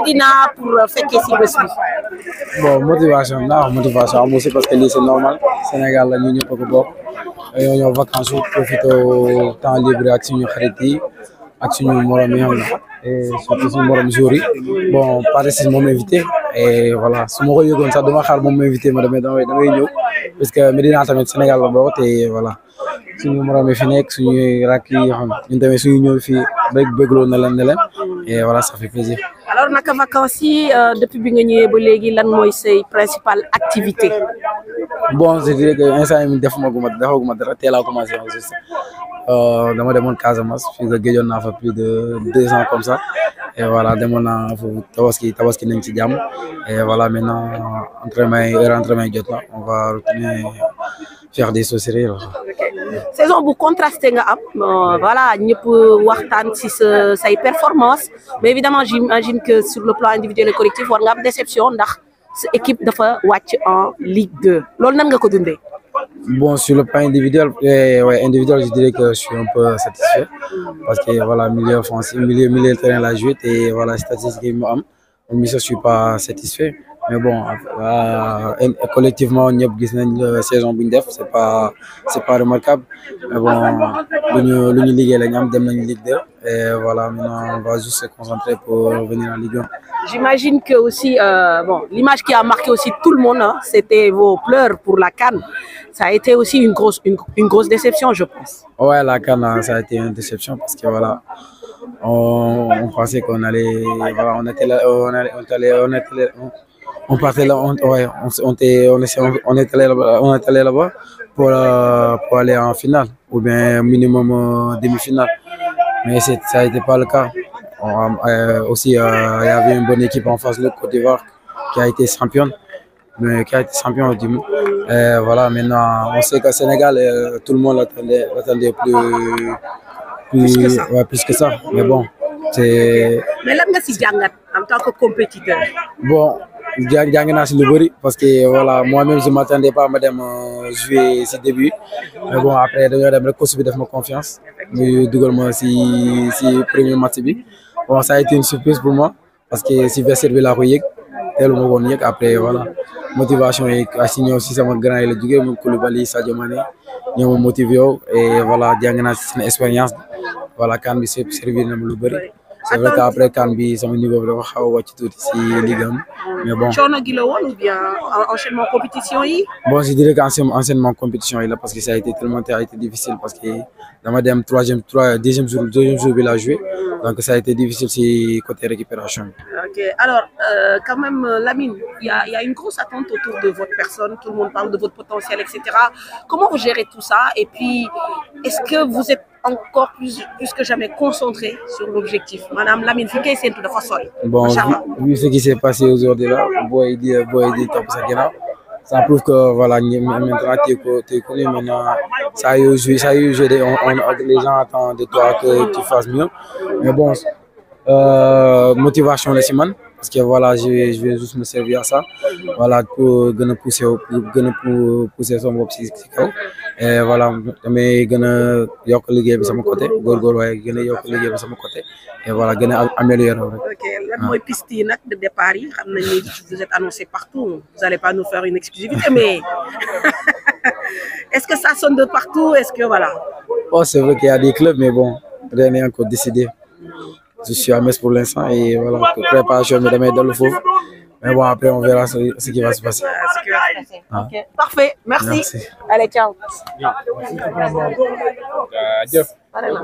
Médina pour euh, fekkee si bés bi. bon motivation bi naa wax parce que lii c'est normal Sénégal a ko bokk ñoo ñëw vacances pour profiter libre ak suñu xarit yi ak suñu morom yi xam et surtout suñu morom jour yi bon Pathé Ciss moom invité et voilà su ma ko yëgoon sax dama xaar moom invité ma damay damay ñëw parce que Médina tamit Sénégal la bokk voilà. suñu morom yi fi nekk suñuy rakk yi nga xam ñun tamit si ñëw fii bëgg bëggloo na leen ne leen et voilà ça fait plaisir. alors naka vacances yi euh, bi nga ñëwee ba léegi lan mooy say principale activité. bon je dirais que instant yii defuma guma defaguma dara teel a commencé en juste euh, dama demoon Casamance fii nga géejoon naa fa de deux ans comme ça et voilà demoon naa foofu tabaski tabaski nañ ci jàmm jot na on va faire des so la. saison bu contrasté nga am euh, voilà ñëpp waxtaan ci sa say performance mais évidemment j'imagine que sur le plan individuel et collectif war nga am déception ndax sa équipe dafa wàcc en Ligue 2 loolu nan nga ko dundee. Bon, sur le plan individuel, eh, ouais, individuel, je dirais que je suis un peu satisfait parce que voilà, milieu offensif, milieu, milieu de terrain, la jouette et voilà, statistique, mais je ne suis pas satisfait. mais bon euh, euh, collectivement ñëpp gis nañ euh, saison bu ñu def c'est pas c'est pas remarquable mais bon lu ñu lu ñu liggéey la ñu maintenant on va juste se concentrer pour venir en Ligue 1. J'imagine que l'image qui a marqué aussi tout le monde c'était vos pleurs pour la CAN. Ça a été aussi une grosse une, une grosse déception je pense. Ouais, la CAN hein, ça a été une déception parce que voilà on, pensait qu'on allait on était là, on on partait là, on, ouais, on, on, était, on, était, on était allé là-bas là pour, euh, pour aller en finale, ou bien minimum euh, demi-finale. Mais ça n'était pas le cas. On, euh, aussi, euh, il y avait une bonne équipe en face, le Côte d'Ivoire, qui a été championne. Mais qui a été champion du monde. Et euh, voilà, maintenant, on sait qu'au Sénégal, euh, tout le monde l'attendait plus, plus, plus, que ça. Ouais, plus que ça. Mais bon, c'est. Mais là, c'est en tant que compétiteur. Bon, jàng naa si lu bëri parce que voilà moi-même je m'attendais pas ma dem euh, jouer si début mais bon après dañoo dem rek coach bi def ma confiance muy si si premier match bi bon ça a été une surprise pour moi parce que si vestiaire bi laa ko yëg teelu ma woon yëg après voilà motivation yi si ñëw si sama grand yi la jógee moom Koulibaly Sadio Mané ñoo ma motivé yow et voilà jàng si seen expérience voilà kan bi servir na ma lu bëri c'est vrai que après kan bi sama niveau bi dafa xaw a wàcc tuuti si ligue am mais bon. coono gi la woon ou bien enchaînement compétition yi. bon je dirais que enchaînement compétition yi la parce que ça a été tellement ça a été difficile parce que dama dem troisième trois deuxième jour deuxième jour bi laa joué donc ça a été difficile si côté récupération bi. ok alors euh, quand même euh, Lamine il y a il y a une grosse attente autour de votre personne tout le monde parle de votre potentiel et cetera comment vous gérez tout ça et puis est-ce que vous êtes encore plus plus que jamais concentré sur l'objectif maanaam Lamine fi koy séntu dafa sori. bon vu ce qui s'est passé aujourd'hui là booy di booy di topp sa ginnaaw ça prouve que voilà ñu maintenant tu es connu maintenant ça y est joué ça les gens attendent de toi que tu fasses mieux mais bon euh, motivation la si man parce que voilà je vais je juste me servir à ça voilà pour gën a pousser pour gën a pousser son bopp si si kaw. et eh, voilà damay gën a yokk liggéey bi sama côté góorgóor waaye gën a yokk liggéey bi sama côté et voilà gën a améliorer rek. ok lan mooy piste yi nag de départ yi xam nañ ni vous êtes annoncé partout vous allez pas nous faire une exclusivité mais est-ce que ça sonne de partout est-ce que voilà. bon oh, c'est vrai qu'il y a des clubs mais bon rien n'est encore décidé je suis à Metz pour l'instant et voilà préparation bi damay dellu foofu. Mais bon, après, on verra ce, ce qui va se passer. Parfait, merci. merci.